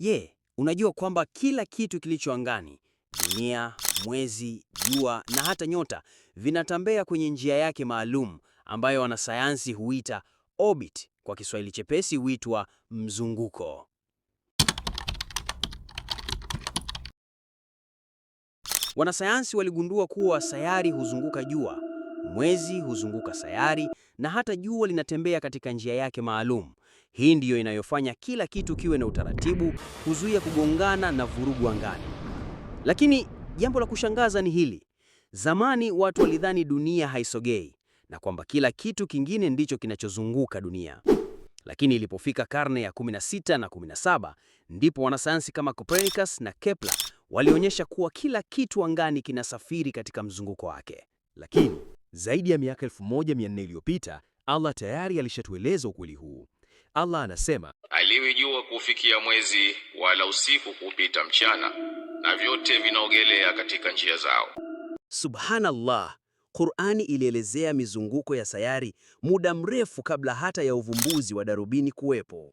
Je, unajua kwamba kila kitu kilicho angani, dunia, mwezi, jua na hata nyota vinatambea kwenye njia yake maalum ambayo wanasayansi huita orbit, kwa Kiswahili chepesi huitwa mzunguko. Wanasayansi waligundua kuwa sayari huzunguka jua, mwezi huzunguka sayari na hata jua linatembea katika njia yake maalum hii ndiyo inayofanya kila kitu kiwe na utaratibu, kuzuia kugongana na vurugu angani. Lakini jambo la kushangaza ni hili: zamani watu walidhani dunia haisogei na kwamba kila kitu kingine ndicho kinachozunguka dunia. Lakini ilipofika karne ya 16 na 17, ndipo wanasayansi kama Copernicus na Kepler walionyesha kuwa kila kitu angani kinasafiri katika mzunguko wake. Lakini zaidi ya miaka 1400 iliyopita, Allah tayari alishatueleza ukweli huu. Allah anasema, aliwijua kufikia mwezi wala usiku kupita mchana na vyote vinaogelea katika njia zao. Subhanallah, Qur'ani ilielezea mizunguko ya sayari muda mrefu kabla hata ya uvumbuzi wa darubini kuwepo.